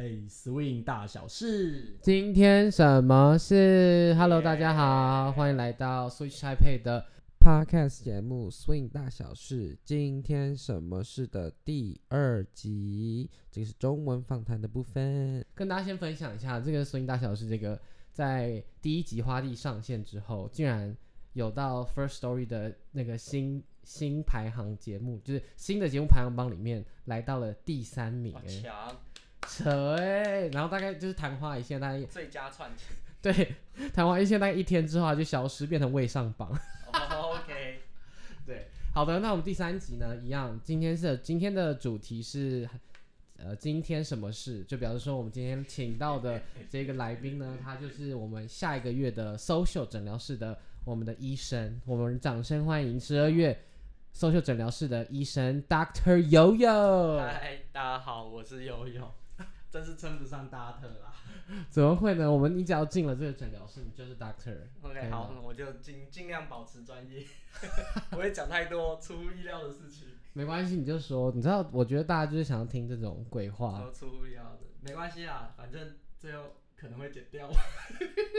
Hey，Swing 大小事，今天什麼事？Hello，、yeah. 大家好，歡迎來到 Switch Taipei 的 Podcast 節目 Swing 大小事，今天什麼事的第二集。這個是中文訪談的部分。跟大家先分享一下，這個 Swing 大小事，這個在第一集花地上線之後，竟然有到 First Story 的那個新新排行節目，就是新的節目排行榜裡面來到了第三名。扯哎、欸，然後大概就是曇花一現，大概最佳串對，曇花一現大概一天之後就消失，變成未上榜。Oh, OK， 對，好的，那我們第三集呢，一樣，今天是今天的主題是呃，今天什麼事？就比如說我們今天請到的這個來賓呢， 他就是我們下一個月的 social 診療室的我們的醫生，我們掌聲歡迎十二月 social 診療室的醫生 Doctor Yo-Yo。嗨，Hi, 大家好，我是 Yoyo。真是稱不上 doctor 啦，怎麼會呢？我們你只要進了這個診療室，你就是 doctor okay，OK，好，我就盡盡量保持專業，不會講太多 出乎意料的事情。沒關係，你就說，你知道，我覺得大家就是想要聽這種鬼話，出乎意料的，沒關係啊，反正最後可能會剪掉。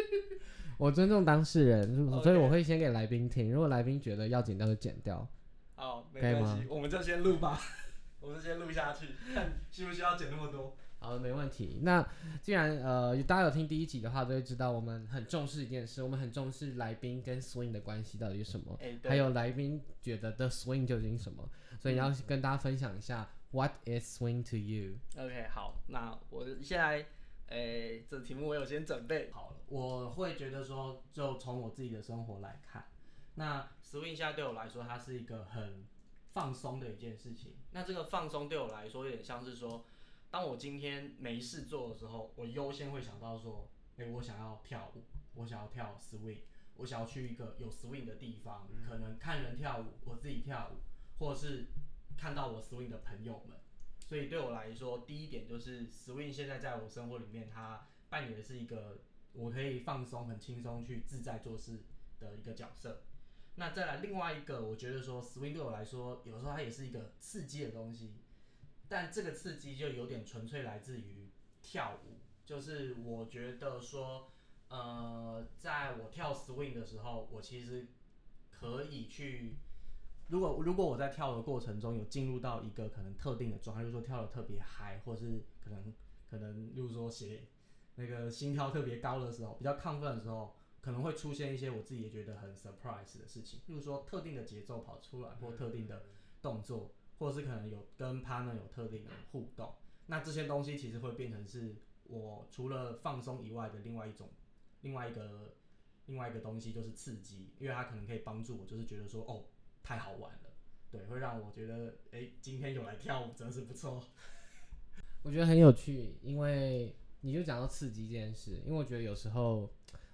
我尊重當事人，okay. 所以我會先給來賓聽，如果來賓覺得要剪掉就剪掉。好，沒關係，我們就先錄吧， 我們就先錄下去，看需不需要剪那麼多。好的，沒問題。那既然呃大家有聽第一集的話，都會知道我們很重視一件事，我們很重視來賓跟 swing 的關係到底是什麼，嗯欸、對還有來賓覺得 the swing 究竟是什麼，所以你要跟大家分享一下、嗯、what is swing to you？OK，、okay, 好，那我現在誒這個、題目我有先準備好了，我會覺得說就從我自己的生活來看，那 swing 現在對我來說它是一個很放鬆的一件事情，那這個放鬆對我來說有點像是說。當我今天沒事做的時候，我優先會想到說，誒、欸，我想要跳舞，我想要跳 swing，我想要去一個有 swing 的地方，嗯、可能看人跳舞，我自己跳舞，或是看到我 swing 的朋友們。所以對我來說，第一點就是 swing 現在在我生活裡面，它扮演的是一個我可以放鬆、很輕鬆去自在做事的一個角色。那再來另外一個，我覺得說 swing 對我來說，有時候它也是一個刺激的東西。但這個刺激就有點純粹來自於跳舞，就是我覺得說，呃，在我跳 swing 的時候，我其實可以去，如果如果我在跳的過程中有進入到一個可能特定的狀態，就是說跳的特別嗨，或是可能可能，例如說，寫那個心跳特別高的時候，比較亢奮的時候，可能會出現一些我自己也覺得很 surprise 的事情，例如說特定的節奏跑出來，或特定的動作。嗯嗯或是可能有跟 partner 有特定的互動，那這些東西其實會變成是我除了放鬆以外的另外一種、另外一個、另外一個東西，就是刺激，因為它可能可以幫助我，就是覺得說哦，太好玩了，對，會讓我覺得哎、欸，今天有來跳舞真的是不錯，我覺得很有趣，因為你就講到刺激這件事，因為我覺得有時候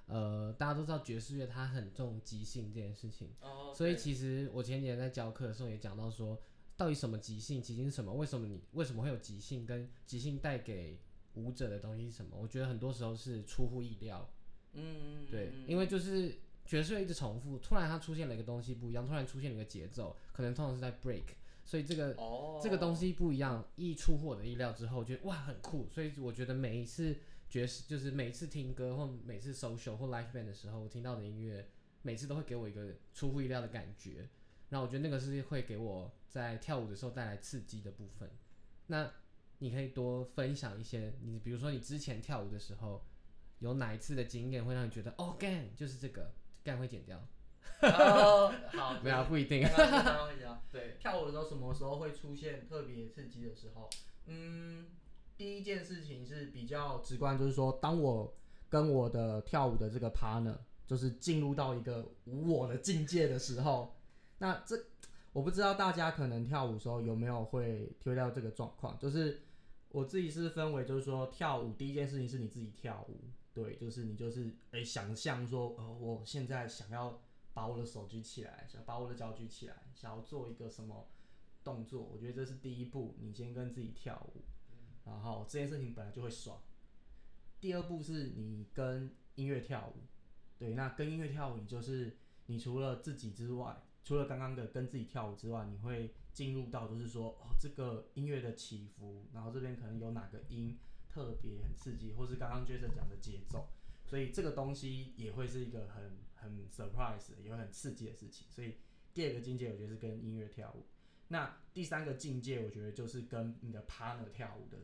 呃，大家都知道爵士樂它很重即興這件事情，oh, okay. 所以其實我前幾年在教課的時候也講到說。到底什麼即興？即興是什麼？為什麼你為什麼會有即興？跟即興帶給舞者的東西是什麼？我覺得很多時候是出乎意料。嗯，對，嗯，因為就是爵士一直重複，突然它出現了一個東西不一樣，突然出現了一個節奏，可能通常是在 break，所以這個哦，這個東西不一樣，一出乎我的意料之後，就哇很酷。所以我覺得每一次爵士，就是每次聽歌或每次 social 或 live band 的時候，我聽到的音樂，每次都會給我一個出乎意料的感覺。那我覺得那個是會給我。在跳舞的時候帶來刺激的部分，那你可以多分享一些。你比如說，你之前跳舞的時候有哪一次的經驗會讓你覺得哦，幹就是這個，幹會剪掉。哦、oh, 好，不要，不一定對對對對對對。對，跳舞的時候什麼時候會出現特別刺激的時候？嗯，第一件事情是比較直觀，就是說，當我跟我的跳舞的這個 partner 就是進入到一個無我的境界的時候，那這。我不知道大家可能跳舞的時候有沒有會遇到這個狀況，就是我自己是分為，就是說跳舞第一件事情是你自己跳舞，對，就是你就是誒、欸、想象說，呃，我現在想要把我的手舉起來，想把我的腳舉起來，想要做一個什麼動作，我覺得這是第一步，你先跟自己跳舞，然後這件事情本來就會爽。第二步是你跟音樂跳舞，對，那跟音樂跳舞，你就是你除了自己之外，除了剛剛的跟自己跳舞之外，你會進入到就是說哦，這個音樂的起伏，然後這邊可能有哪個音特別很刺激，或是剛剛 Jason 講的節奏，所以這個東西也會是一個很很 surprise，也會很刺激的事情。所以第二個境界我覺得是跟音樂跳舞，那第三個境界我覺得就是跟你的 partner 跳舞的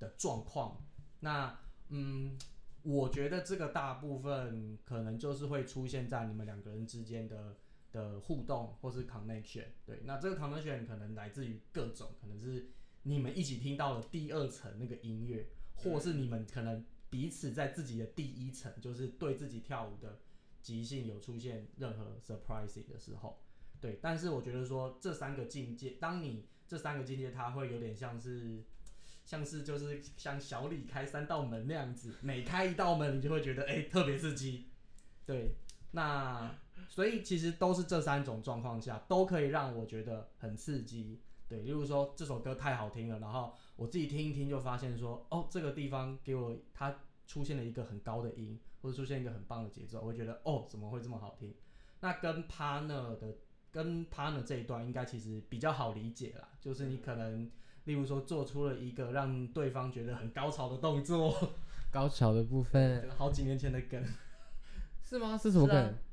的狀況。那嗯，我覺得這個大部分可能就是會出現在你們兩個人之間的。的互動或是 connection，對，那這個 connection 可能來自於各種，可能是你們一起聽到了第二層那個音樂，或是你們可能彼此在自己的第一層，就是對自己跳舞的即興有出現任何 surprising 的時候，對。但是我覺得說這三個境界，當你這三個境界，它會有點像是，像是就是像小李開三道門那樣子，每開一道門，你就會覺得，哎、欸，特別刺激，對，那。所以其實都是這三種狀況下都可以讓我覺得很刺激。對，例如說這首歌太好聽了，然後我自己聽一聽就發現說，哦，這個地方給我，它出現了一個很高的音，或者出現一個很棒的節奏，我會覺得哦，怎麼會這麼好聽？那跟 partner 的跟 partner 這一段應該其實比較好理解啦，就是你可能例如說做出了一個讓對方覺得很高潮的動作，高潮的部分，可能好幾年前的梗， 是嗎？是什麼梗？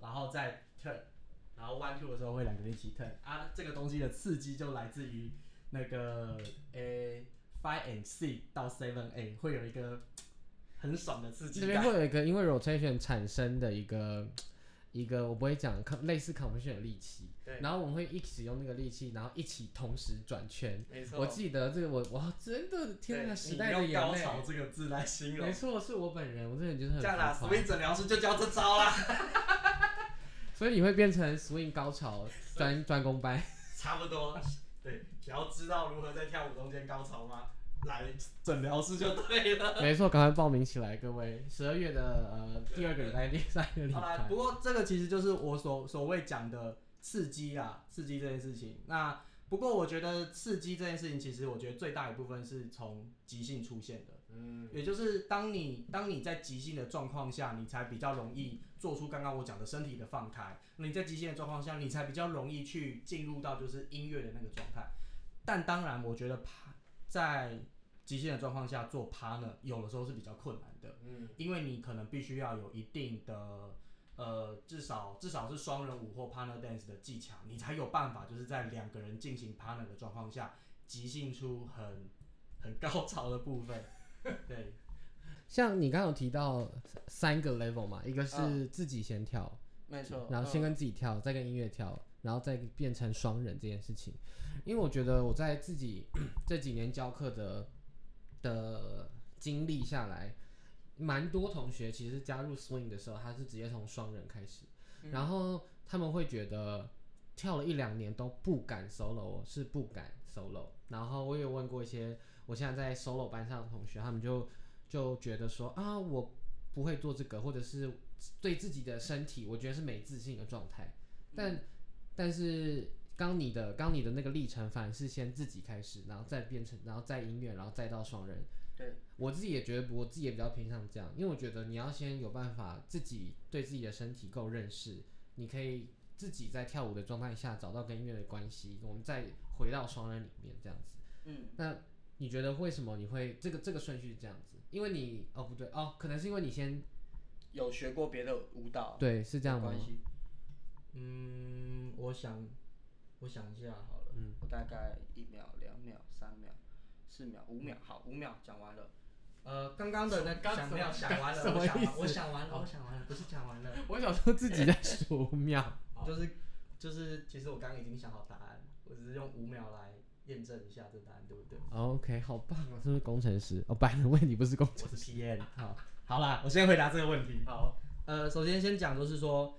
然後再 turn，然後 one two 的時候會兩個人一起 turn 啊，這個東西的刺激就來自於那個 a five and six 到 seven a 會有一個很爽的刺激，這邊會有一個因為 rotation 產生的一個。一個我不會講，類似 competition 的力氣，對。然後我們會一起使用那個力氣，然後一起同時轉圈。沒錯。我記得這個我，我我真的天啊，聽到時代的眼淚，對，你用高潮這個字來形容。沒錯，是我本人，我真的覺得很。這樣啦 swing 整療師就教這招啦。哈哈哈！哈哈哈。所以你會變成 swing 高潮專專攻班？ 差不多，對。想要知道如何在跳舞中間高潮嗎？來診療室就對了 沒錯，沒錯，趕快報名起來，各位，十二月的呃、對對對，第二個禮拜、第三個禮拜。不過這個其實就是我所所謂講的刺激啊，刺激這件事情。那不過我覺得刺激這件事情，其實我覺得最大一部分是從即興出現的，嗯，也就是當你當你在即興的狀況下，你才比較容易做出剛剛我講的身體的放開。那你在即興的狀況下，你才比較容易去進入到就是音樂的那個狀態。但當然，我覺得在即興的狀況下做 partner，有的時候是比較困難的，嗯，因為你可能必須要有一定的，呃，至少至少是雙人舞或 partner dance 的技巧，你才有辦法，就是在兩個人進行 partner 的狀況下，即興出很很高潮的部分。 對，像你剛剛有提到三個 level 嘛，一個是自己先跳，oh, 先跳沒錯，然後先跟自己跳，oh. 再跟音樂跳，然後再變成雙人這件事情，因為我覺得我在自己 這幾年教課的。的經歷下來，蠻多同學其實加入 Swing 的時候，他是直接從雙人開始，然後他們會覺得跳了一兩年都不敢 solo，是不敢 solo。然後我也問過一些我現在在 solo 班上的同學，他們就就覺得說啊，我不會做這個，或者是對自己的身體，我覺得是沒自信的狀態。但，但是。剛你的剛你的那個歷程反而是先自己開始，然後再變成，然後再音樂，然後再到雙人。對，我自己也覺得，我自己也比較偏向這樣，因為我覺得你要先有辦法自己對自己的身體夠認識，你可以自己在跳舞的狀態下找到跟音樂的關係，我們再回到雙人裡面這樣子。嗯，那你覺得為什麼你會這個這個順序是這樣子？因為你哦不對哦，可能是因為你先有學過別的舞蹈，對，是這樣嗎關係。嗯，我想。我想一下，好了，嗯，我大概一秒、兩秒、三秒、四秒、五秒、嗯，好，五秒講完了。呃，剛剛的那，五秒講完了，我想，我想完了， 我想完了，完了 不是講完了。我想說自己在數五秒， 就是就是，其實我剛剛已經想好答案，我只是用五秒來驗證一下這個答案對不對。OK，好棒，嗯、是不是工程師？哦、oh，百人問你不是工程師，我是、PM、 好，好啦， 我先回答這個問題。好，呃，首先先講就是說，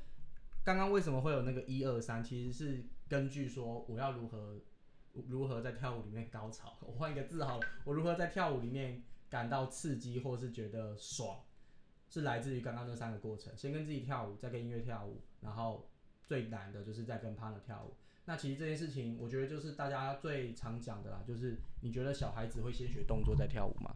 剛剛為什麼會有那個一二三，其實是。根據說，我要如何如何在跳舞裡面高潮？我換一個字好了，我如何在跳舞裡面感到刺激，或是覺得爽，是來自於剛剛這三個過程：先跟自己跳舞，再跟音樂跳舞，然後最難的就是在跟 partner 跳舞。那其實這件事情，我覺得就是大家最常講的啦，就是你覺得小孩子會先學動作再跳舞嗎？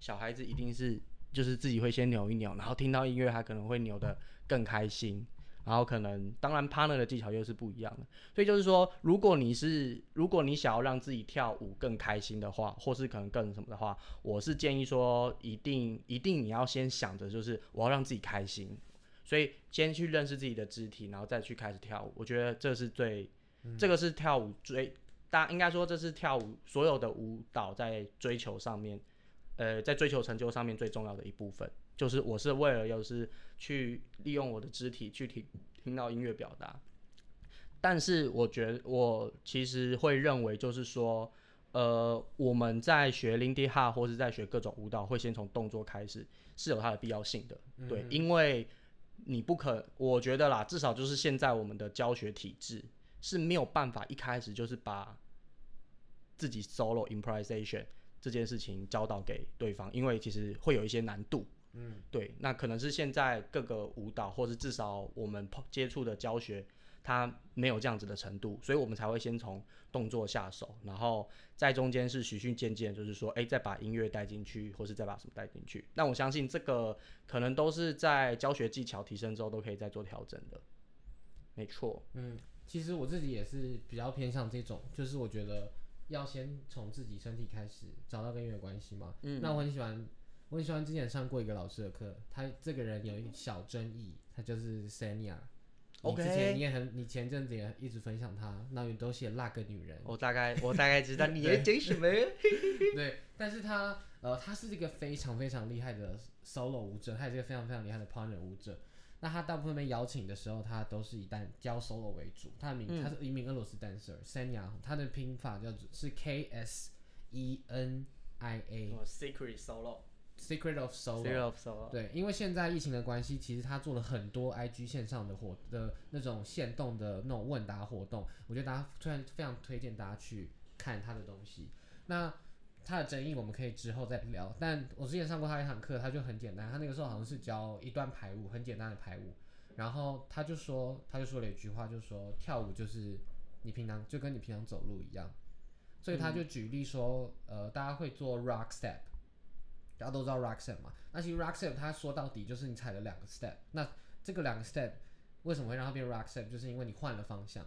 小孩子一定是就是自己會先扭一扭，然後聽到音樂，他可能會扭得更開心。然後可能，當然 partner 的技巧又是不一樣的。所以就是說，如果你是如果你想要讓自己跳舞更開心的話，或是可能更什麼的話，我是建議說，一定一定你要先想着，就是我要讓自己開心。所以先去認識自己的肢體，然後再去開始跳舞。我覺得這是最、嗯，這個是跳舞最，大家應該說這是跳舞所有的舞蹈在追求上面，呃，在追求成就上面最重要的一部分。就是我是為了，又是去利用我的肢體去聽聽到音樂表達，但是我覺得我其實會認為就是說，呃，我們在學 Lindy Hop 或是在學各種舞蹈，會先從動作開始是有它的必要性的，對、嗯，因為你不可，我覺得啦，至少就是現在我們的教學體制是沒有辦法一開始就是把自己 solo improvisation 這件事情教導給對方，因為其實會有一些難度。嗯，對，那可能是現在各個舞蹈，或是至少我們接觸的教學，它沒有這樣子的程度，所以我們才會先從動作下手，然後在中間是循序漸進，就是說，哎，再把音樂帶進去，或是再把什麼帶進去。那我相信這個可能都是在教學技巧提升之後，都可以再做調整的。沒錯。嗯，其實我自己也是比較偏向這種，就是我覺得要先從自己身體開始找到跟音樂關係嘛。嗯，那我很喜歡。我很喜歡之前上過一個老師的課，他這個人有一點小爭議，他就是 Senia。你之前你也很，你前陣子也一直分享他，那有東西那個女人。我大概我大概知道你也講什麼。 對， 對，但是他呃，他是一個非常非常厲害的 solo 舞者，他也是一個非常非常厲害的 partner 舞者。那他大部分被邀請的時候，他都是以單教 solo 為主。他的名，嗯、他是一名俄羅斯 dancer Senia，他的拼法叫做是 K S E N I A。Oh, secret solo。Secret of, Secret of Solo，對，因為現在疫情的關係，其實他做了很多 IG 線上的活的那種限動的那種問答活動，我覺得大家突然非常推薦大家去看他的東西。那他的爭議我們可以之後再聊。但我之前上過他一堂課，他就很簡單，他那個時候好像是教一段排舞，很簡單的排舞。然後他就說，他就說了一句話，就是說跳舞就是你平常就跟你平常走路一樣。所以他就舉例說，嗯、呃，大家會做 Rock Step。大家都知道 rock step 嘛，那其實 rock step 他說到底就是你踩了兩個 step，那這個兩個 step 為什麼會讓它變 rock step，就是因為你換了方向。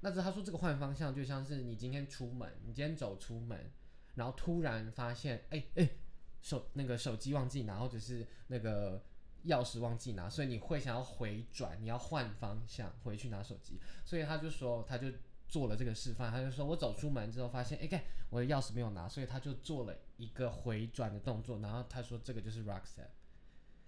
那這他說這個換方向就像是你今天出門，你今天走出門，然後突然發現，哎、欸、哎、欸，手那個手機忘記拿，或者是那個鑰匙忘記拿，所以你會想要回轉，你要換方向回去拿手機。所以他就說，他就。做了這個示範，他就說：“我走出門之後發現，哎、欸，看我的鑰匙沒有拿，所以他就做了一個回轉的動作。然後他說，這個就是 rock step。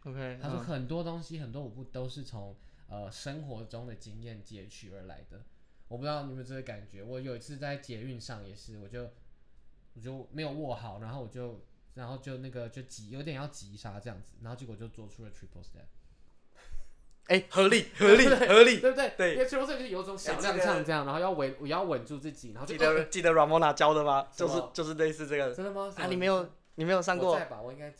OK，他說很多東西，嗯、很多舞步都是從呃生活中的經驗截取而來的。我不知道你們有沒有這個感覺。我有一次在捷運上也是，我就我就沒有握好，然後我就然後就那個就急，有點要急剎這樣子，然後結果就做出了 triple step。”哎、欸，合力，合力對對，合力，對不對？對，因為 triple step 就是有種想象這樣、欸，然後要穩，要穩住自己，然後記得記得 Ramona 教的嗎？就是就是類似這個，真的嗎？啊，你沒有你沒有上過？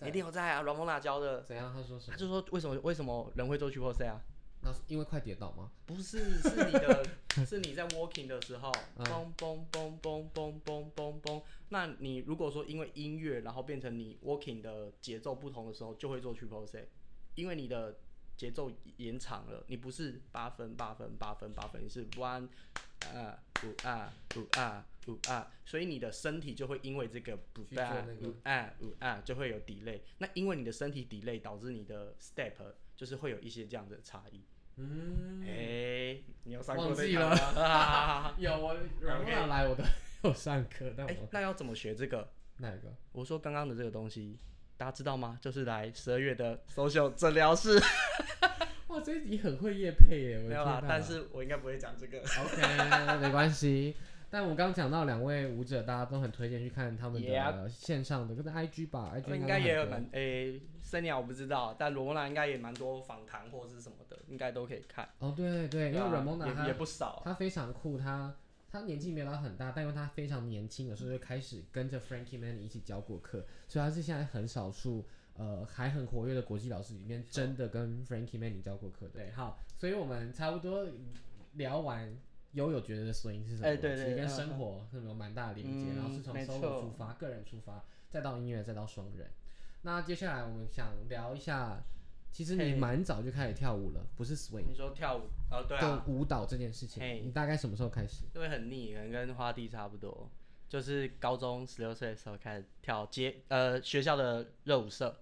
一定有在啊。Ramona 教的怎樣？他說是，他就說為什麼為什麼人會做 triple step 啊？那是因為快跌倒嗎？不是，是你的， 是你在 walking 的時候，嘣嘣嘣嘣嘣嘣嘣嘣。那你如果說因為音樂，然後變成你 walking 的節奏不同的時候，就會做 triple step 因為你的。節奏延長了，你不是八分八分八分八分，你是 one，啊五啊五啊五啊，所以你的身體就會因為這個不啊不啊不啊就會有 delay，那因為你的身體 delay 導致你的 step 就是會有一些這樣的差異。嗯，哎，你要上課對講嗎？忘記了，有啊，我兩個人來我都有上課，那要怎麼學這個？我說剛剛的這個東西。大家知道嗎？就是來十二月的 social 診療室。 哇，這一集很會業配耶我！沒有啦，但是我應該不會講這個。 OK，、啊、沒關係。但我剛講到兩位舞者，大家都很推薦去看他們的線上的，就是 IG 吧，IG 應該也有。蠻 A。三、欸、鳥我不知道，但羅莫娜應該也蠻多訪談或是什麼的，應該都可以看。哦，對對、對、啊，因為羅莫娜也不少，他非常酷，他。他年紀沒有到很大，但因為他非常年輕的時候就開始跟着 Frankie Manning 一起教過課、嗯，所以他是現在很少數呃還很活躍的國際老師裡面真的跟 Frankie Manning 教過課的、嗯。對，好，所以我們差不多聊完，Yoyo 覺得的聲音是什麼？哎、欸，對對，其實跟生活是有蠻大的連接、嗯，然後是從 solo 出發，個人出發，再到音樂，再到雙人。那接下來我們想聊一下。其實你蠻早就開始跳舞了，hey, 不是 swing 你說跳舞，呃、哦，對啊，舞蹈這件事情，hey, 你大概什麼時候開始？因為很膩，可能跟花地差不多，就是高中十六歲的時候開始跳街，呃，學校的熱舞社、嗯。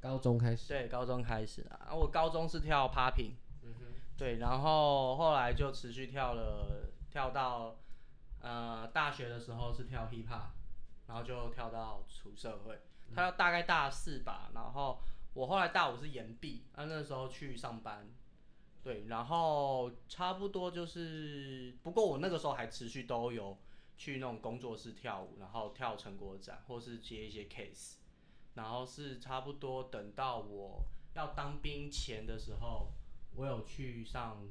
高中開始？對，高中開始啊。我高中是跳 popping，嗯哼，對，然後後來就持續跳了，跳到呃大學的時候是跳 hip hop，然後就跳到出社會，他要大概大四吧、嗯，然後。我後來大五是延畢，啊，那時候去上班，對，然後差不多就是，不過我那個時候還持續都有去那種工作室跳舞，然後跳成果展，或是接一些 case，然後是差不多等到我要當兵前的時候，我有去上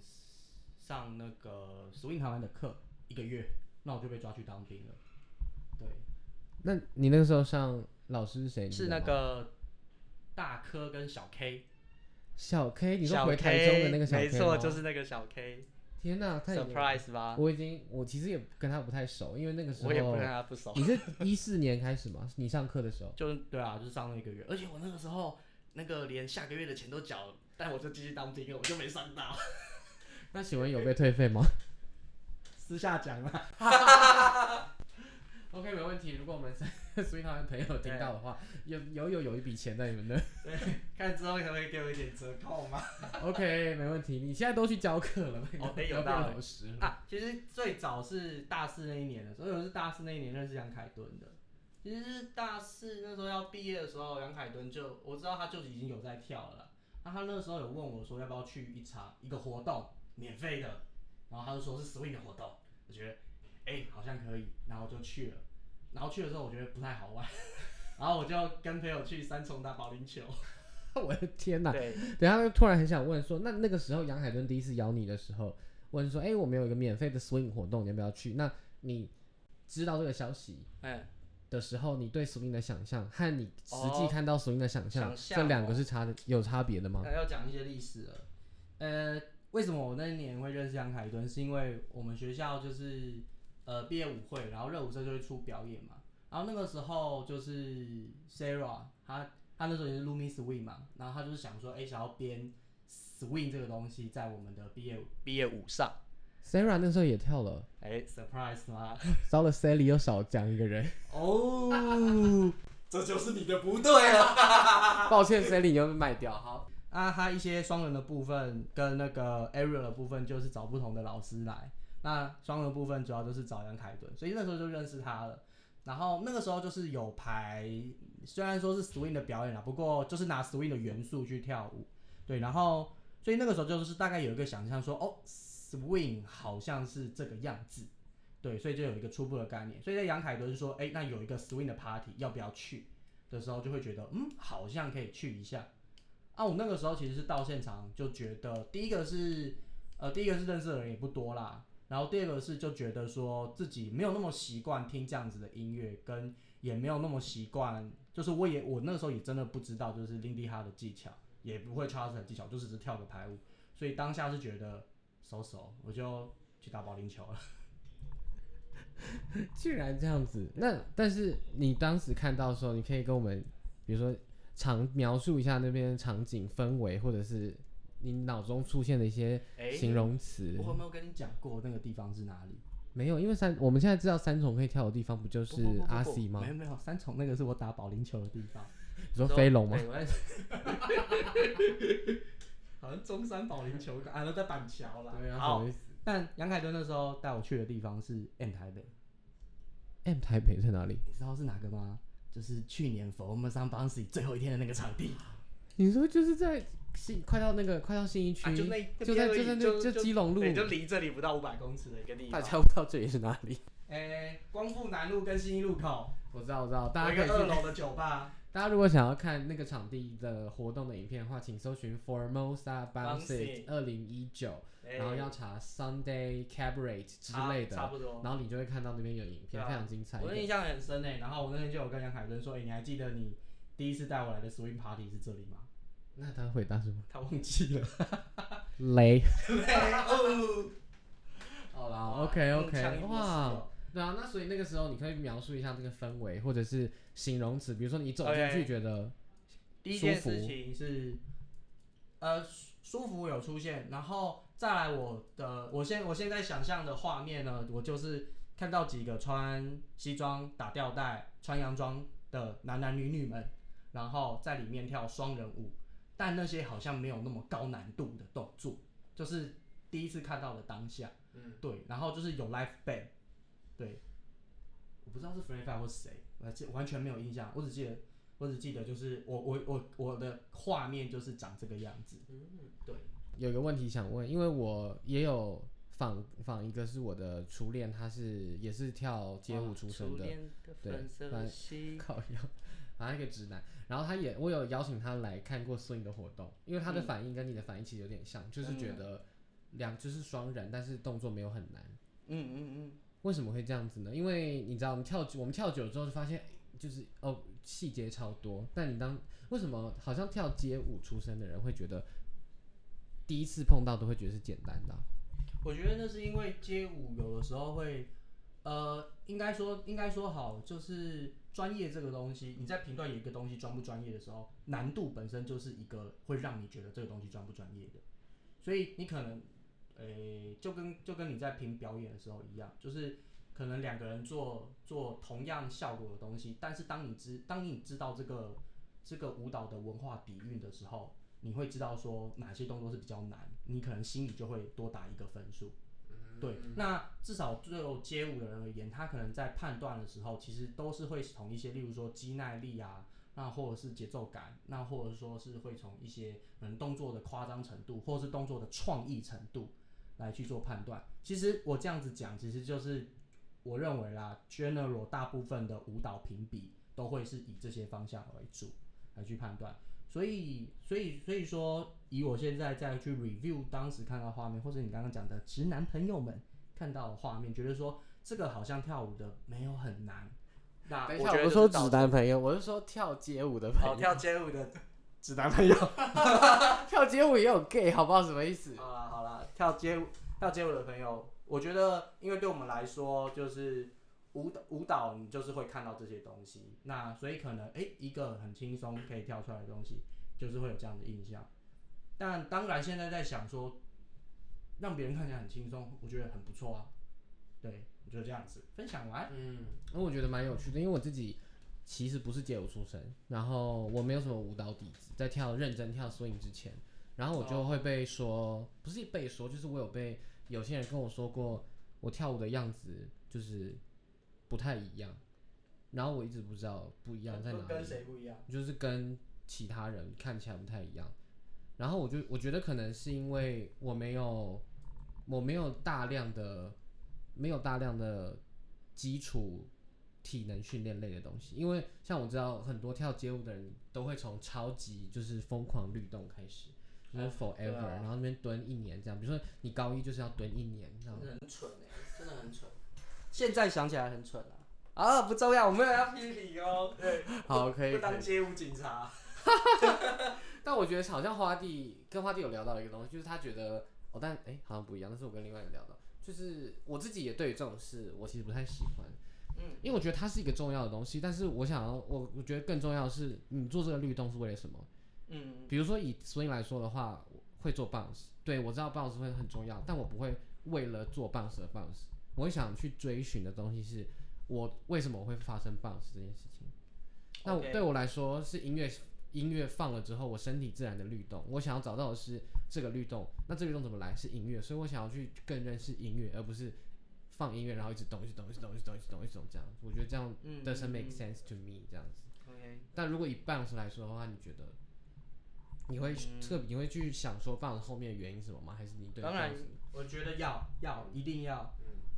上那個 Swing 台灣的課一個月，那我就被抓去當兵了。對，那你那個時候上老師是誰？是那個。大科跟小 K，小 K 你說回台中的那個小 K，小 K, 沒錯，就是那個小 K。天哪、太、，surprise 吧！我已經，我其實也跟他不太熟，因為那個時候我也不跟他不熟。你是一四年開始嗎？ 你上課的時候，就對啊，就上了一個月。而且我那個時候，那個連下個月的錢都繳了，但我就繼續當這個我就沒上到。 那請問有被退費嗎？Okay. 私下講講吧。 OK，沒問題。如果我們所以他的朋友聽到的話，啊、有有有有一筆錢在你們那， 看之後可不可以給我一點折扣嘛。o、okay, k 沒問題。你現在都去教課了教，OK，有到老師啊。其實最早是大四那一年的，所以我是大四那一年認識楊凱敦的。其實是大四那時候要畢業的時候，楊凱敦就我知道他就已經有在跳了。那他那時候有問我說要不要去一場一個活動，免費的，然後他就說是 swing 的活動。我覺得哎、欸、好像可以，然後我就去了。然後去的時候我覺得不太好玩， 然後我就跟朋友去三重打保齡球 。 我的天吶對，等下就突然很想問說，那那個時候楊海敦第一次邀你的時候，問說，哎、欸，我們有一個免費的 swing 活動，你要不要去？那你知道這個消息，哎，的時候，欸、你對 swing 的想象和你實際看到 swing 的想象，這、哦、兩個是差有差別的嗎？要講一些歷史了。呃，為什麼我那一年會認識楊海敦？是因為我們學校就是。呃，畢業舞會，然後熱舞社就會出表演嘛。然後那個時候就是 Sarah，她她那時候也是 Lumi Swing 嘛，然後她就是想說，哎，想要編 Swing 這個東西在我們的畢業畢業舞上。Sarah 那時候也跳了，哎，surprise 嗎？糟 了 Sally，又少講一個人。哦、oh，啊啊啊、 這就是你的不對了，對了 抱歉，Sally 你又被賣掉。好，那、啊、哈，一些雙人的部分跟那個 Ariel 的部分，就是找不同的老師來。那雙人部分主要就是找楊凱倫，所以那時候就認識他了。然後那個時候就是有排，雖然說是 swing 的表演啦、啊，不過就是拿 swing 的元素去跳舞。對，然後所以那個時候就是大概有一個想象說，哦，swing 好像是這個樣子。對，所以就有一個初步的概念。所以在楊凱倫說，誒、欸，那有一個 swing 的 party，要不要去？的時候，就會覺得，嗯，好像可以去一下。啊，我那個時候其實是到現場就覺得，第一個是，呃，第一個是認識的人也不多啦。然後第二個是就覺得說自己沒有那麼習慣聽這樣子的音樂，跟也沒有那麼習慣，就是我也我那時候也真的不知道就是 Lindy Hop 的技巧，也不會 Charleston 技巧，就只是跳個排舞，所以當下是覺得 so so，我就去打保齡球了。既 然這樣子，那但是你當時看到的時候，你可以跟我們比如說場描述一下那邊場景氛圍，或者是。你腦中出現的一些形容詞。欸，我有沒有跟你講過那個地方是哪裡？沒有，因為三我們現在知道三重可以跳的地方不就是阿西嗎？沒有沒有，三重那個是我打保齡球的地方。你說，你說飛龍嗎？欸、 好像中山保齡球，阿，啊，樂在板橋啦。對啊，好。但楊凱倫那時候帶我去的地方是 M 台北，M 台北在哪裡？你知道是哪個嗎？就是去年佛 o r m e 最後一天的那個場地。你說就是在。新快到那個快到信義區、啊，就在就在那就，就，就基隆路，就離這裡不到五百公尺的一個地方。大家猜不到這裡是哪裡？哎、欸，光復南路跟信義路口。我知道，我知道。大家可以去一個二樓的酒吧。 大家如果想要看那個場地的活動的影片的話，請搜尋 Formosa Bounce 二零一九，然後要查 Sunday Cabaret 之類的、啊，差不多。然後你就會看到那邊有影片、啊，非常精彩。我印象很深呢、欸。然後我那天就有跟楊凱倫說，哎、欸，你還記得你第一次帶我來的 Swing Party 是這裡嗎？那他回答什麼？他忘記了。 雷雷哦，好啦 OK OK，哇，那、對啊、那所以那個時候，你可以描述一下這個氛圍，或者是形容詞，比如說你走進去覺得舒服。Okay. 第一件事情是， 呃，舒服有出現。然後再來，我的，我現我現在想象的畫面呢，我就是看到幾個穿西裝打吊帶、穿洋裝的男男女、女女們，然後在裡面跳雙人舞。但那些好像沒有那麼高難度的動作，就是第一次看到的當下，嗯，對，然後就是有 life band 對，嗯，我不知道是 freestyle 或是誰，我完全沒有印象，我只記得，我只記得就是我我我我的畫面就是長這個樣子，嗯，對，有一個問題想問，因為我也有訪訪一個是我的初戀，他是也是跳街舞出身的，的，對，好像。靠還、啊、是一個直男，然後他也，我有邀請他來看過 Swing 的活動，因為他的反應跟你的反應其實有點像，嗯、就是覺得兩就是雙人，但是動作沒有很難。嗯嗯嗯，嗯。為什麼會這樣子呢？因為你知道，我們跳我們跳久了之後就發現，就是哦細節超多。但你當為什麼好像跳街舞出身的人會覺得第一次碰到都會覺得是簡單的、啊？我覺得那是因為街舞有的時候會，呃，應該說應該說好就是。專業這個東西，你在評斷一個東西專不專業的時候，難度本身就是一個會讓你覺得這個東西專不專業的。所以你可能，誒、欸，就跟就跟你在評表演的時候一樣，就是可能兩個人做做同樣效果的東西，但是當你知當你知道這個這個舞蹈的文化底蘊的時候，你會知道說哪些動作是比較難，你可能心裡就會多打一個分數。對，那至少就街舞的人而言，他可能在判斷的時候，其實都是會從一些，例如說肌耐力啊，那或者是節奏感，那或者說是會從一些可能動作的誇張程度，或者是動作的創意程度來去做判斷。其實我這樣子講，其實就是我認為啦，General 大部分的舞蹈評比都會是以這些方向為主來去判斷。所以，所以，所以說，以我現在再去 review 當時看到畫面，或者你剛剛講的直男朋友們看到畫面，覺得說這個好像跳舞的沒有很難。那等一下，我不是說直男朋友，我是說跳街舞的朋友。哦，跳街舞的直男朋友， 跳街舞也有 gay，好不好？什麼意思？啊，好了，跳街舞，跳街舞的朋友，我覺得，因為對我們來說，就是。舞舞蹈，舞蹈，你就是會看到這些東西，那所以可能誒、欸，一個很輕鬆可以跳出來的東西， 就是會有這樣的印象。但當然，現在在想說，讓別人看起來很輕鬆，我覺得很不錯啊。對，就這樣子 分享完。嗯，我覺得蠻有趣的，因為我自己其實不是街舞出身，然後我沒有什麼舞蹈底子，在跳認真跳 swing 之前，然後我就會被說，oh. 不是被說，就是我有被有些人跟我說過，我跳舞的樣子就是。不太一樣，然後我一直不知道不一樣在哪裡，跟誰不一樣？就是跟其他人看起來不太一樣。然後我就我覺得可能是因為我沒有我沒有大量的沒有大量的基礎體能訓練類的東西，因為像我知道很多跳街舞的人都會從超級就是瘋狂律動開始，就、呃、是 forever、啊、然後那邊蹲一年這樣，比如說你高一就是要蹲一年，這樣很蠢哎、欸，真的很蠢。現在想起來很蠢啊！啊，不重要，我沒有要批評哦。 對，好，可以。Okay，不當街舞警察。我 但我覺得好像花弟跟花弟有聊到一個東西，就是他覺得哦，但誒、欸、好像不一樣。但是我跟另外人聊到，就是我自己也對於這種事，我其實不太喜歡。嗯，因為我覺得它是一個重要的東西。但是我想要，我我覺得更重要的是，你做這個律動是為了什麼？嗯，比如說以 Swing 來說的話，我會做 bounce，對我知道 bounce 會很重要，但我不會為了做 bounce 而 bounce。我想去追尋的東西是，我為什麼會發生 bounce 這件事情？那對我來說是音樂，音樂放了之後，我身體自然的律動。我想要找到的是這個律動，那這律動怎麼來？是音樂，所以我想要去更認識音樂，而不是放音樂然後一直動，一直動，一直動，一直動，一直動,一直動,一直動,一直動這樣。我覺得這樣 doesn't、嗯、make sense、嗯、to me 這樣子。OK、嗯。但如果以 bounce 來說的話，你覺得你會、嗯、特別，你會去想說 bounce 後面的原因是什麼嗎？還是你對你？當然，我覺得要要一定要。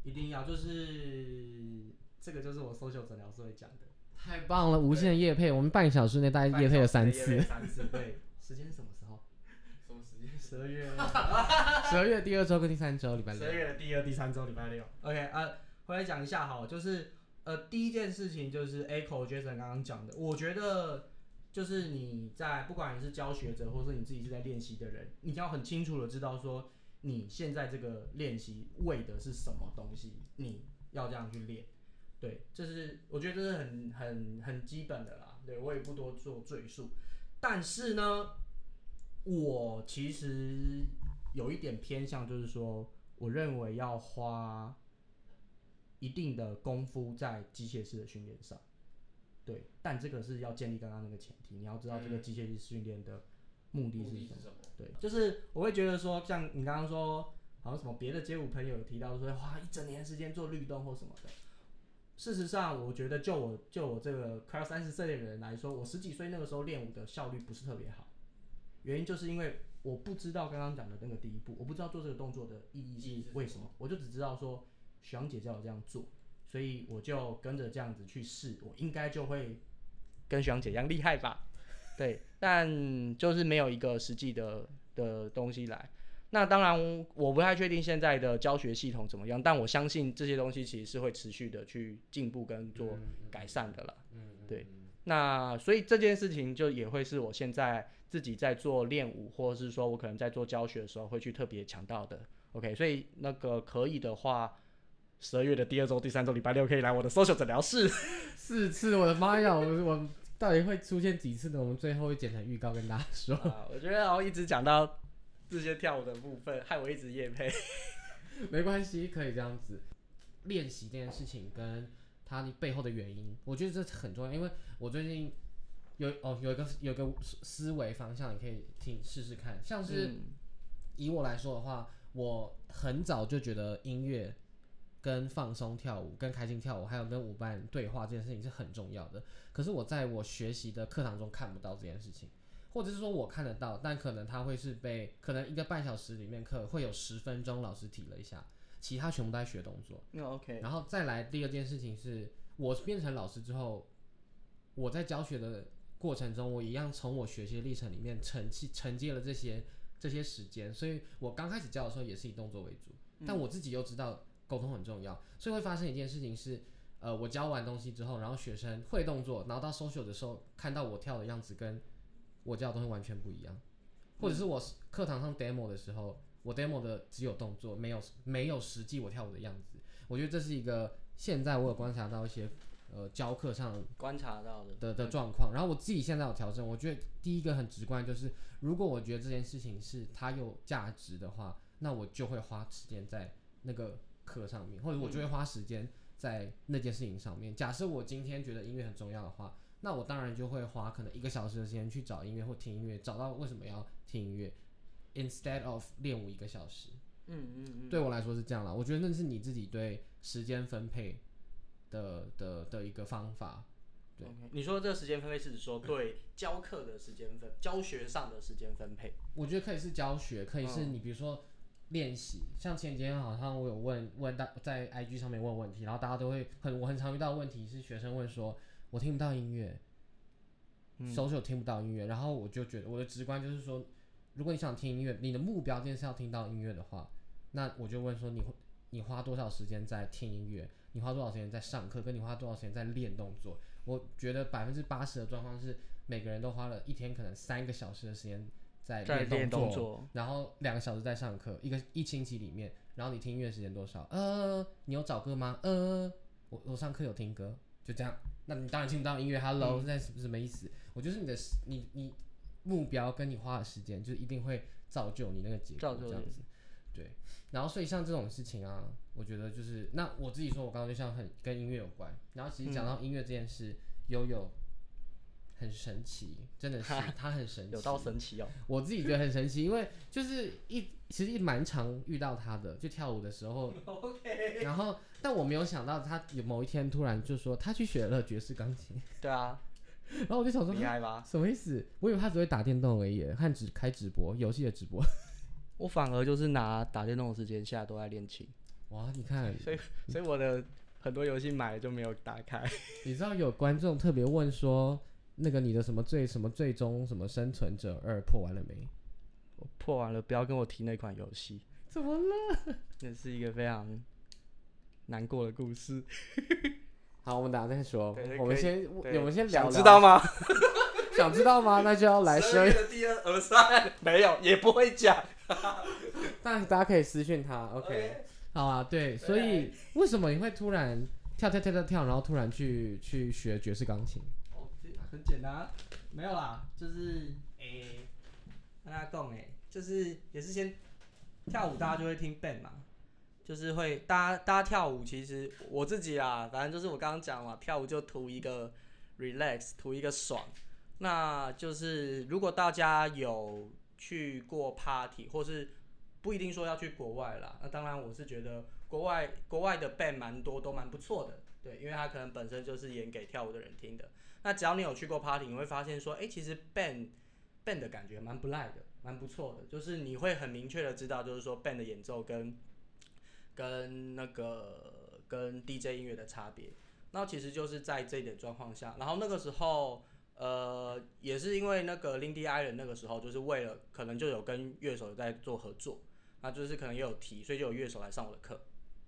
一定要就是這個，就是我 Social 診療所會講的。太棒了，無限業配，我們半小時內大概業配了三次。三次，對。 時間什麼時候？什麼時間？十二月，十 二月第二周跟第三周禮拜六。十二月的第二、第三周禮拜六。OK，呃，回來講一下哈，就是呃，第一件事情就是 Echo Jason 剛剛講的，我覺得就是你在不管你是教學者，或是你自己是在練習的人，你要很清楚的知道說。你現在這個練習為的是什麼東西？你要這樣去練，對，這是我覺得這是很很很基本的啦。對，我也不多做贅述。但是呢，我其實有一點偏向，就是說，我認為要花一定的功夫在機械式的訓練上。對，但這個是要建立剛剛那個前提，你要知道這個機械式訓練的。目的，目的是什麼？對，就是我會覺得說，像你剛剛說，好像什麼別的街舞朋友有提到說，哇，一整年時間做律動或什麼的。事實上，我覺得就我就我這個 c r a s s 三十的人來說，我十幾歲那個時候練舞的效率不是特別好，原因就是因為我不知道剛剛講的那個第一步，我不知道做這個動作的意義是為什麼，我就只知道說學長姐叫我這樣做，所以我就跟着這樣子去試，我應該就會跟學長姐一樣厲害吧。對，但就是沒有一個實際的的東西來。那當然，我不太確定現在的教學系統怎麼樣，但我相信這些東西其實是會持續的去進步跟做改善的了、嗯。嗯，對。嗯嗯、那所以這件事情就也會是我現在自己在做練舞，或者是說我可能在做教學的時候會去特別強調的。OK，所以那個可以的話，十二月的第二週、第三週，禮拜六可以來我的 social 診療室。四次，我的媽呀， 我我。到底會出現幾次呢？我們最後會剪成預告跟大家說。啊，我覺得哦，一直講到這些跳舞的部分，害我一直業配。沒關係，可以這樣子練習這件事情，跟它背後的原因，我覺得這很重要。因為我最近有哦，有一個有一個思維方向，你可以聽試試看。像是以我來說的話，我很早就覺得音樂。跟放鬆跳舞，跟開心跳舞，還有跟舞伴對話這件事情是很重要的。可是我在我學習的課堂中看不到這件事情，或者是說我看得到，但可能他會是被可能一個半小時裡面課會有十分鐘老師提了一下，其他全部都在學動作。那、oh, OK。然後再來第二件事情是，我變成老師之後，我在教學的過程中，我一樣從我學習的歷程裡面承承接了這些這些時間，所以我剛開始教的時候也是以動作為主，嗯、但我自己又知道。溝通很重要，所以會發生一件事情是，呃，我教完東西之後，然後學生會動作，然後到 social 的時候看到我跳的樣子跟我教的東西完全不一樣，或者是我課堂上 demo 的時候，我 demo 的只有動作，沒有沒有實際我跳舞的樣子。我覺得這是一個現在我有觀察到一些呃教課上觀察到的的狀況，然後我自己現在有調整。我覺得第一個很直觀就是，如果我覺得這件事情是它有價值的話，那我就會花時間在那個。課上面，或者我就會花時間在那件事情上面。嗯、假設我今天覺得音樂很重要的話，那我當然就會花可能一個小時的時間去找音樂或聽音樂，找到為什麼要聽音樂、嗯、，instead of 練舞一個小時。嗯嗯，嗯對我來說是這樣啦。我覺得那是你自己對時間分配的的的一個方法。對，okay. 你說這個時間分配是指說對教課的時間分、嗯，教學上的時間分配？我覺得可以是教學，可以是你比如說。嗯練習，像前幾天好像我有問問大在 IG 上面問問題，然後大家都會很，我很常遇到問題是學生問說，我聽不到音樂，嗯、Social 聽不到音樂，然後我就覺得我的直觀就是說，如果你想聽音樂，你的目標就是要聽到音樂的話，那我就問說，你你花多少時間在聽音樂？你花多少時間在，在上課？跟你花多少時間在練動作？我覺得百分之八十的狀況是每個人都花了一天可能三個小時的時間。在練動作，然後兩個小時在上課，一個一星期裡面，然後你聽音樂時間多少？呃，你有找歌嗎？呃，我我上課有聽歌，就這樣。那你當然聽不到音樂，Hello，那、嗯、是什麼意思？我就是你的，你你目標跟你花的時間，就一定會造就你那個結果，這樣子。對。然後所以像這種事情啊，我覺得就是那我自己說，我剛剛就像很跟音樂有關，然後其實講到音樂這件事，Yo、嗯、yo。有有很神奇，真的是，他很神奇，啊、有道神奇哦。我自己覺得很神奇，因為就是一，其實蠻常遇到他的，就跳舞的時候。OK。 然後，但我沒有想到他有某一天突然就說他去學了爵士鋼琴。對啊。然後我就想說，可愛吧？什麼意思？我以為他只會打電動而已，還只開直播，遊戲的直播。我反而就是拿打電動的時間，現在都在練琴。哇，你看，所以所以我的很多遊戲買了就沒有打開。你知道有觀眾特別問說。那個你的什麼最什麼最終什麼生存者二破完了沒？我破完了，不要跟我提那款遊戲。怎麼了？那是一個非常難過的故事。 好，我們等下再說。我們先，我，我們先聊，聊。想知道嗎？ 想知道嗎？那就要來。十二月的第二而三， 沒有，也不會講。但 大，大家可以私訊他。OK，, okay. 好啊。對，對啊、所以為什麼你會突然跳跳跳跳跳，然後突然去去學爵士鋼琴？很簡單，沒有啦，就是誒，跟大家共誒，就是也是先跳舞，大家就會聽 band 嘛，就是會大家大家跳舞，其實我自己啊，反正就是我剛剛講了，跳舞就圖一個 relax，圖一個爽。那就是如果大家有去過 party，或是不一定說要去國外啦，那當然我是覺得國外國外的 band 蠻多，都蠻不錯的，對，因為他可能本身就是演給跳舞的人聽的。那只要你有去過 party，你會發現說，哎，其實 band band 的感覺蠻不賴的，蠻不錯的。就是你會很明確的知道，就是說 band 的演奏跟跟那個跟 DJ 音樂的差別。那其實就是在這一點狀況下，然後那個時候，呃，也是因為那個 Lindy Iron 那個時候，就是為了可能就有跟樂手在做合作，那就是可能也有提，所以就有樂手來上我的課，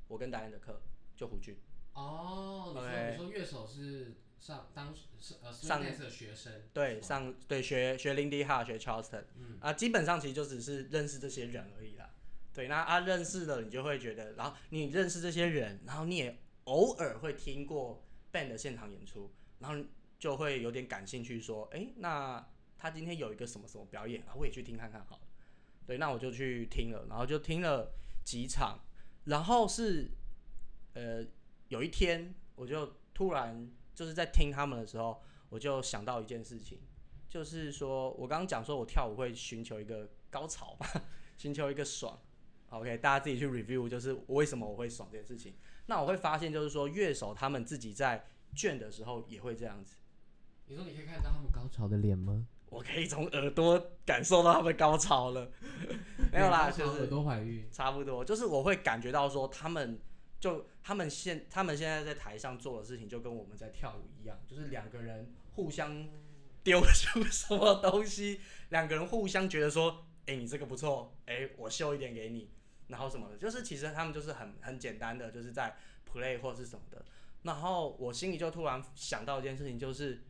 我跟 Daniel 的課，就胡俊。哦，對，你說你說樂手是。上當上呃，上一次的學生。上對上對學學 Lindy Hop 學 Charleston、嗯、啊，基本上其實就只是認識這些人而已啦。嗯、對，那他、啊、認識了，你就會覺得，然後你認識這些人，然後你也偶爾會聽過 band 的現場演出，然後就會有點感興趣，說，哎、欸，那他今天有一個什麼什麼表演，我也去聽看看，好了。對，那我就去聽了，然後就聽了幾場，然後是呃有一天我就突然。就是在聽他們的時候，我就想到一件事情，就是說，我剛剛講說我跳舞會尋求一個高潮吧，尋 求一個爽。OK，大家自己去 review，就是為什麼我會爽這件事情。那我會發現，就是說樂手他們自己在卷的時候也會這樣子。你說你可以看到他們高潮的臉嗎？我可以從耳朵感受到他們高潮了。 沒有啦，就 是耳朵懷孕。差不多，就是我會感覺到說他們。就他們現他們現在在台上做的事情，就跟我們在跳舞一樣，就是兩個人互相丟了什麼東西，兩個人互相覺得說，哎、欸，你這個不錯，哎、欸，我秀一點給你，然後什麼的，就是其實他們就是很很簡單的，就是在 play 或是什麼的。然後我心裡就突然想到一件事情，就是，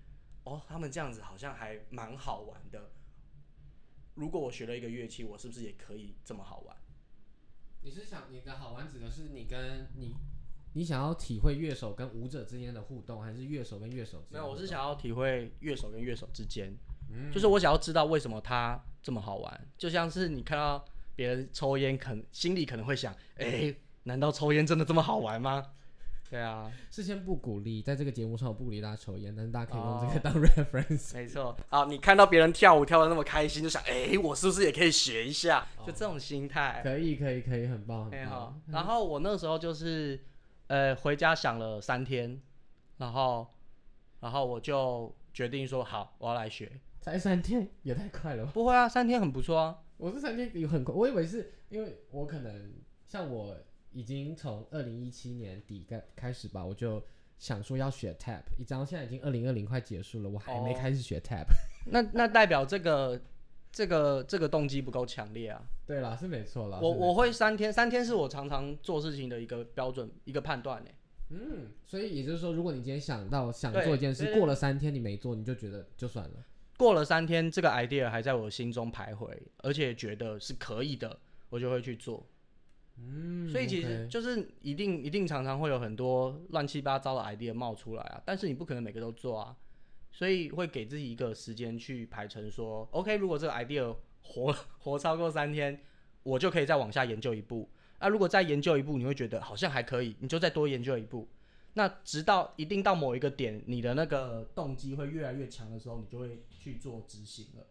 哦，他們這樣子好像還蠻好玩的。如果我學了一個樂器，我是不是也可以這麼好玩？你是想，你的好玩指的是你跟你，你想要體會樂手跟舞者之間的互動，還是樂手跟樂手之間？沒有，我是想要體會樂手跟樂手之間、嗯，就是我想要知道為什麼他這麼好玩。就像是你看到別人抽菸，可能心裡可能會想，哎、欸，難道抽菸真的這麼好玩嗎？對啊，事先不鼓勵，在這個節目上我不鼓勵大家抽煙，但是大家可以用這個當 reference。Oh, 沒錯， 好，你看到別人跳舞跳得那麼開心，就想，哎、欸，我是不是也可以學一下？Oh. 就這種心態，可以，可以，可以，很棒，okay, 很好。然後我那時候就是，呃，回家想了三天，然後，然後我就決定說，好，我要來學。才三天也太快了吧？不會啊，三天很不錯啊。我是三天有很快，我以為是因為我可能像我。已經從二零一七年底開開始吧，我就想說要學 tap，一直到現在已經二零二零快結束了，我還沒開始學 tap。Oh, 那 那代表這個這個這個動機不夠強烈啊？對啦，是沒錯啦。我我會三天，三天是我常常做事情的一個標準，一個判斷呢、欸。嗯，所以也就是說，如果你今天想到想做一件事，就是，過了三天你沒做，你就覺得就算了。過了三天，這個 idea 還在我心中徘徊，而且覺得是可以的，我就會去做。嗯，所以其實就是一定一定常常會有很多亂七八糟的 idea 冒出來啊，但是你不可能每個都做啊，所以會給自己一個時間去排程說 OK，如果這個 idea 活活超過三天，我就可以再往下研究一步。啊如果再研究一步，你會覺得好像還可以，你就再多研究一步。那直到一定到某一個點，你的那個動機會越來越強的時候，你就會去做執行了。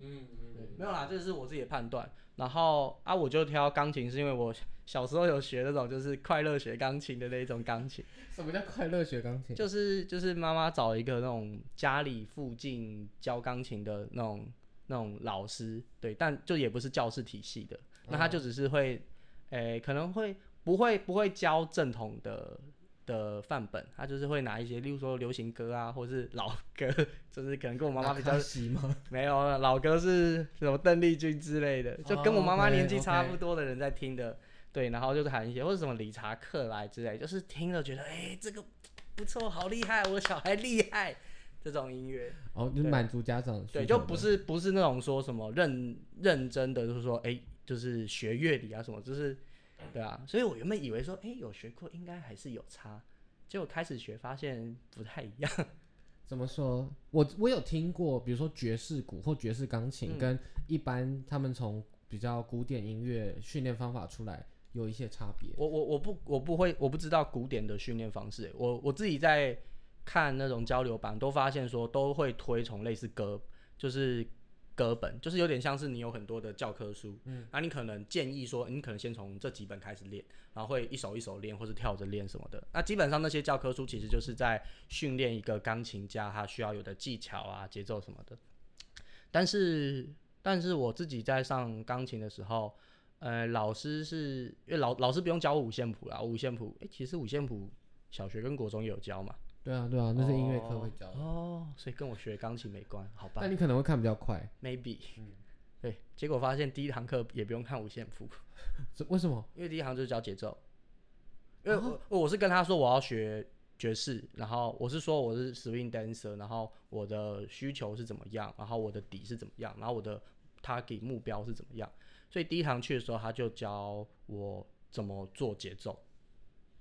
嗯嗯，沒有啦，這是我自己的判斷。然後啊，我就挑鋼琴，是因為我小時候有學那種，就是快樂學鋼琴的那一種鋼琴。什麼叫快樂學鋼琴？就是就是媽媽找一個那種家裡附近教鋼琴的那種那種老師，對，但就也不是教室體系的，那他就只是會，誒、嗯欸，可能會不會不會教正統的。的範本，他就是會拿一些，例如說流行歌啊，或者是老歌，就是可能跟我媽媽比較、啊、喜嗎？沒有，老歌是什麼鄧麗君之類的，哦、就跟我媽媽年紀差不多的人在聽的，哦、okay, okay 對，然後就是彈一些或者什麼理查克萊之類，就是聽了覺得哎、欸、這個不錯，好厲害，我小孩厲害這種音樂，哦，就滿、是、足家長對，就不是不是那種說什麼認認真的就、欸，就是說哎就是學樂理啊什麼，就是。對啊，所以我原本以為說，誒、欸，有學過應該還是有差，結果開始學發現不太一樣。怎麼說，我我有聽過，比如說爵士鼓或爵士鋼琴，跟一般他們從比較古典音樂訓練方法出來有一些差別。我我我不我不會，我不知道古典的訓練方式欸。我我自己在看那種交流版，都發現說都會推崇類似歌，就是。歌本就是有點像是你有很多的教科書，嗯，那、啊、你可能建議說，你可能先從這幾本開始練，然後會一首一首練，或是跳着練什麼的。那基本上那些教科書其實就是在訓練一個鋼琴家他需要有的技巧啊、節奏什麼的。但是，但是我自己在上鋼琴的時候，呃，老師是因為老老師不用教我五線譜啊，五線譜，哎、欸，其實五線譜小學跟國中有教嘛。對啊，對啊，那是音樂課會教哦，oh、所以跟我學鋼琴沒關係，好 吧楽？那你可能會看比較快，maybe，對。結果發現第一堂課也不用看五線譜，為什麼？因為第一堂就是教節奏。因為我我是跟他說我要學爵士，然後我是說我是 swing dancer，然後我的需求是怎麼樣，然後我的底是怎麼樣，然後我的 target 目標是怎麼樣，所以第一堂去的時候他就教我怎麼做節奏。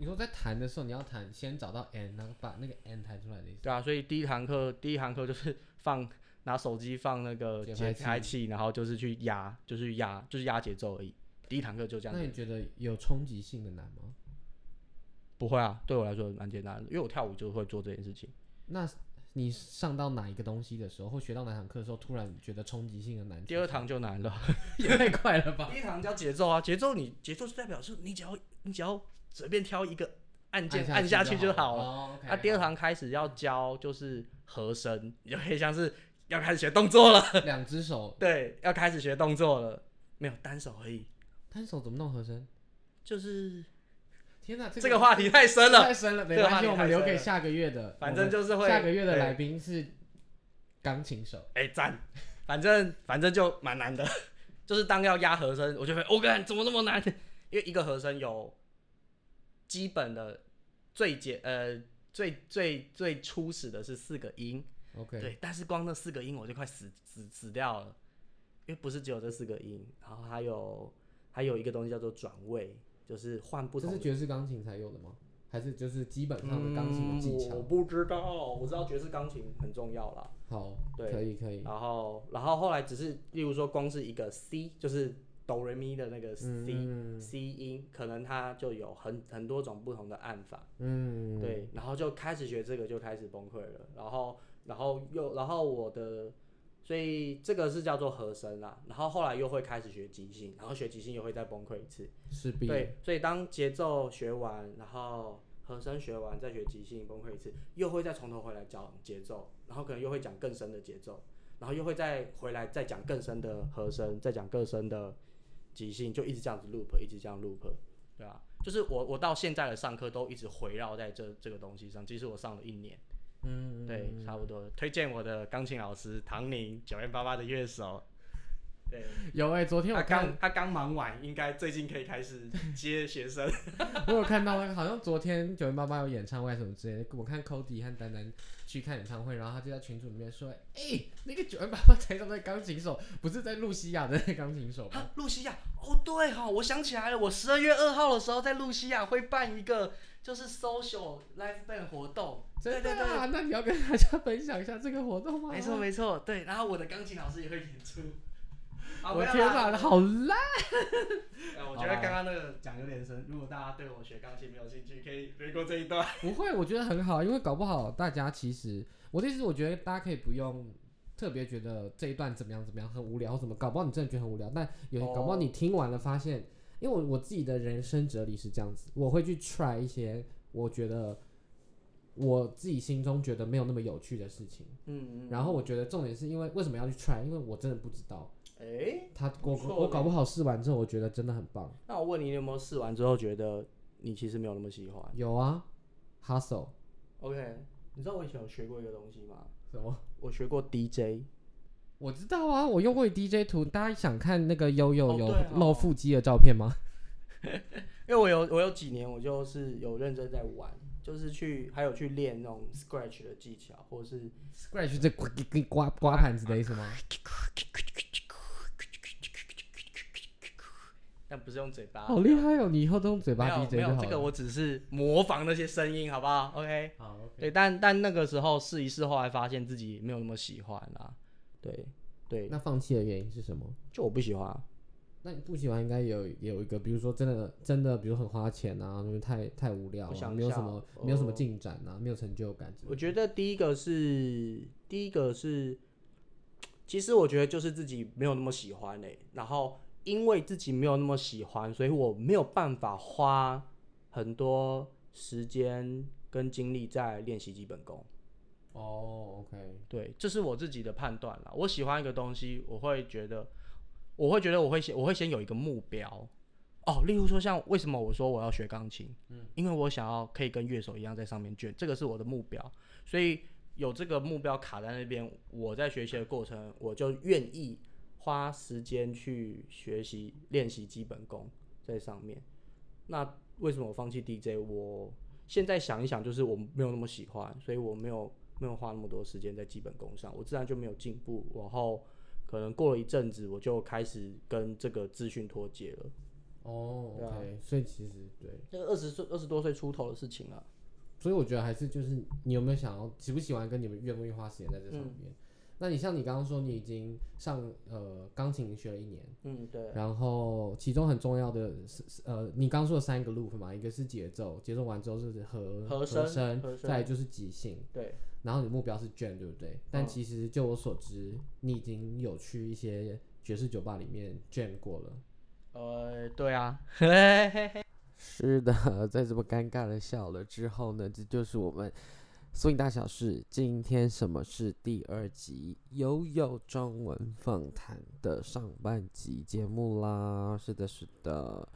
你說在彈的時候，你要彈先找到 N，然、啊、後把那個 N 彈出來的意思。對啊，所以第一堂課，第一堂課就是放拿手機放那個節拍器，然後就是去壓，就是壓，就是壓節奏而已。第一堂課就這樣。那你覺得有衝擊性的難嗎？不會啊，對我來說蠻簡單的，因為我跳舞就會做這件事情。那你上到哪一個東西的時候，或學到哪堂課的時候，突然覺得衝擊性的難？第二堂就難了，也 太快了吧？第一堂叫節奏啊，節奏你節奏是代表是你，你只要你只要。隨便挑一個按鍵按下去就好了。那、哦 okay, 啊、第二行開始要教就是和聲，你就可以像是要開始學動作了。兩只手，對，要開始學動作了。沒有單手而已。單手怎麼弄和聲？就是天哪、這個，這個話題太深了，欸、太深了。這個、題沒關係，我們留給下個月的。反正就是會。下個月的來賓是鋼琴手。哎、欸，讚、欸。 反正反正就蠻難的。就是當要壓和聲，我就會，我、哦、幹，怎麼那麼難？因為一個和聲有。基本的最簡呃最最最初始的是四個音，OK，對，但是光那四個音我就快死死死掉了，因為不是只有這四個音，然後還有還有一個東西叫做轉位，就是換不同。這是爵士鋼琴才有的嗎？還是就是基本上的鋼琴的技巧？嗯，我不知道，我知道爵士鋼琴很重要了。好，對，可以可以。然後然後後來只是例如說光是一個 C，就是。哆瑞咪的那個 C、嗯、C 音，可能它就有很很多種不同的按法，嗯，對，然後就開始學這個就開始崩潰了，然後然後又然後我的，所以這個是叫做和聲啦，然後後來又會開始學即興，然後學即興又會再崩潰一次，是必對，所以當節奏學完，然後和聲學完，再學即興崩潰一次，又會再從頭回來講節奏，然後可能又會講更深的節奏，然後又會再回來再講更深的和聲、嗯，再講更深的。即興就一直這樣子 loop，一直這樣 loop，對吧？就是我我到現在的上課都一直圍繞在這這個東西上，即使我上了一年，嗯，嗯，對，差不多。推薦我的鋼琴老師唐寧，9m88 的樂手。對，有哎、欸，昨天我看他剛他剛忙完，應該最近可以開始接學生。 我有看到，好像昨天 9m88 有演唱會什麼之類的。我看 Cody 和丹丹去看演唱會，然後他就在群組裡面說：“哎、欸，那個 9m88 台上的鋼琴手，不是在露西亞的那鋼琴手？啊、露西亞，哦，對哈、哦，我想起來了，我十二月二號的時候在露西亞會辦一個就是 social live band 活動。對對對，對、啊，那你要跟大家分享一下這個活動嗎？沒錯沒錯，對，然後我的鋼琴老師也會演出。Oh, 我來了，好爛、 啊！我覺得剛剛那個講有點深。Right. 如果大家對我學鋼琴沒有興趣，可以飛過這一段。不會，我覺得很好，因為搞不好大家其實，我這次我覺得大家可以不用特別覺得這一段怎麼樣怎麼樣很無聊或什麼。搞不好你真的覺得很無聊，但有、oh. 搞不好你聽完了發現，因為我我自己的人生哲理是這樣子，我會去 try 一些我覺得我自己心中覺得沒有那麼有趣的事情。嗯嗯。然後我覺得重點是因為為什麼要去 try？因為我真的不知道。哎、欸，他我、欸、我搞不好試完之後，我覺得真的很棒。那我問你，你有沒有試完之後覺得你其實沒有那麼喜歡？有啊，Hustle。OK，你知道我以前有學過一個東西嗎？什麼？我學過 DJ。我知道啊，我用過 DJ 圖。大家想看那個、Yoyo、有有有露腹肌的照片嗎？哦哦、 因為我有我有幾年我就是有認真在玩，就是去還有去練那種 Scratch 的技巧，或者是 Scratch 這刮刮盤子的意思嗎？但不是用嘴巴，好厲害哦！你以後都用嘴巴？沒有沒有，這個我只是模仿那些聲音，好不好？OK，好、oh, okay。對，但但那個時候試一試，後來發現自己沒有那麼喜歡了、啊。對對，那放棄的原因是什麼？就我不喜歡。那你不喜歡，應該有有一個，比如說真的真的，比如說很花錢啊，因為太太無聊、啊我想，沒有什麼、呃、沒有什麼進展啊，沒有成就感。我覺得第一個是第一個是，其實我覺得就是自己沒有那麼喜歡嘞、欸，然後。因為自己沒有那麼喜歡，所以我沒有辦法花很多時間跟精力在練習基本功。哦，OK，對，這是我自己的判斷了。我喜歡一個東西，我會覺得，我會覺得我會先我會先有一個目標。哦，例如說像為什麼我說我要學鋼琴，嗯，因為我想要可以跟樂手一樣在上面卷，這個是我的目標。所以有這個目標卡在那邊，我在學習的過程，我就願意。花時間去學習、練習基本功在上面。那為什麼我放棄 DJ？我現在想一想，就是我沒有那麼喜歡，所以我沒有沒有花那麼多時間在基本功上，我自然就沒有進步。然後可能過了一陣子，我就開始跟這個資訊脫節了。哦、Oh, okay.，對、啊，所以其實對這個二十歲、二十多歲出頭的事情啊，所以我覺得還是就是你有沒有想要喜不喜歡跟你們願不願意花時間在這上面？嗯那你像你剛剛說，你已經上呃鋼琴學了一年，嗯對，然後其中很重要的是呃你剛說的三個 loop 嘛，一個是節奏，節奏完之後就是和和聲，和聲，再就是即興，對，然後你的目標是 jam 對不對？但其實就我所知，嗯，你已經有去一些爵士酒吧裡面 jam 過了，呃對啊，嘿嘿嘿，是的，在這麼尷尬的笑了之後呢，這就是我們。Swing 大小事，今天什麼事第二集，Yoyo 中文訪談的上半集節目啦？是的，是的。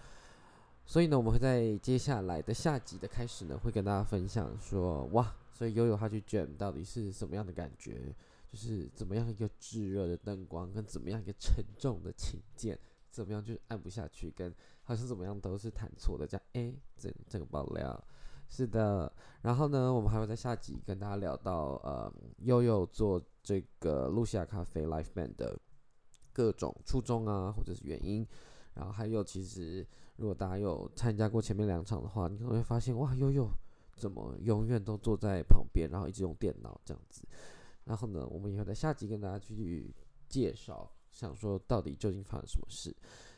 所以呢，我們會在接下來的下集的開始呢，會跟大家分享說哇，所以 Yoyo 她去 jam 到底是什麼樣的感覺？就是怎麼樣一個炙熱的燈光，跟怎麼樣一個沉重的琴鍵，怎麼樣就是按不下去，跟好像怎麼樣都是彈錯的，這樣誒，這、欸、這個爆料。是的，然後呢，我們還會在下集跟大家聊到呃，悠悠做這個露西亞咖啡 Live Band 的各種初衷啊，或者是原因。然後還有，其實如果大家有參加過前面兩場的話，你可能會發現哇，悠悠怎麼永遠都坐在旁邊，然後一直用電腦這樣子。然後呢，我們也會在下集跟大家繼續介紹，想說到底究竟發生什麼事。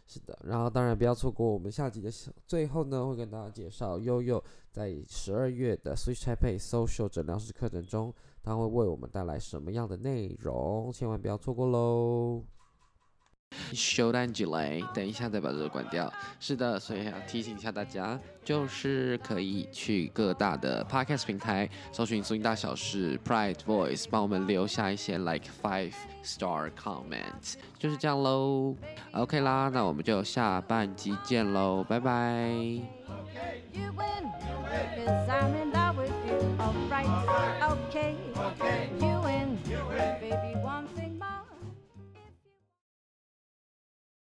是的，然後當然不要錯過我們下集的小最後呢，會跟大家介紹悠悠在十二月的 Switch Taipei Social 診療室課程中，他會為我們帶來什麼樣的內容，千萬不要錯過嘍。Show and delay，等一下再把這個關掉。是的，所以要提醒一下大家，就是可以去各大的 podcast 平台搜尋 “Swing 大小事 Pride Voice”，幫我們留下一些 like five star comment。就是這樣嘍，OK 啦，那我們就下半集見嘍，拜拜。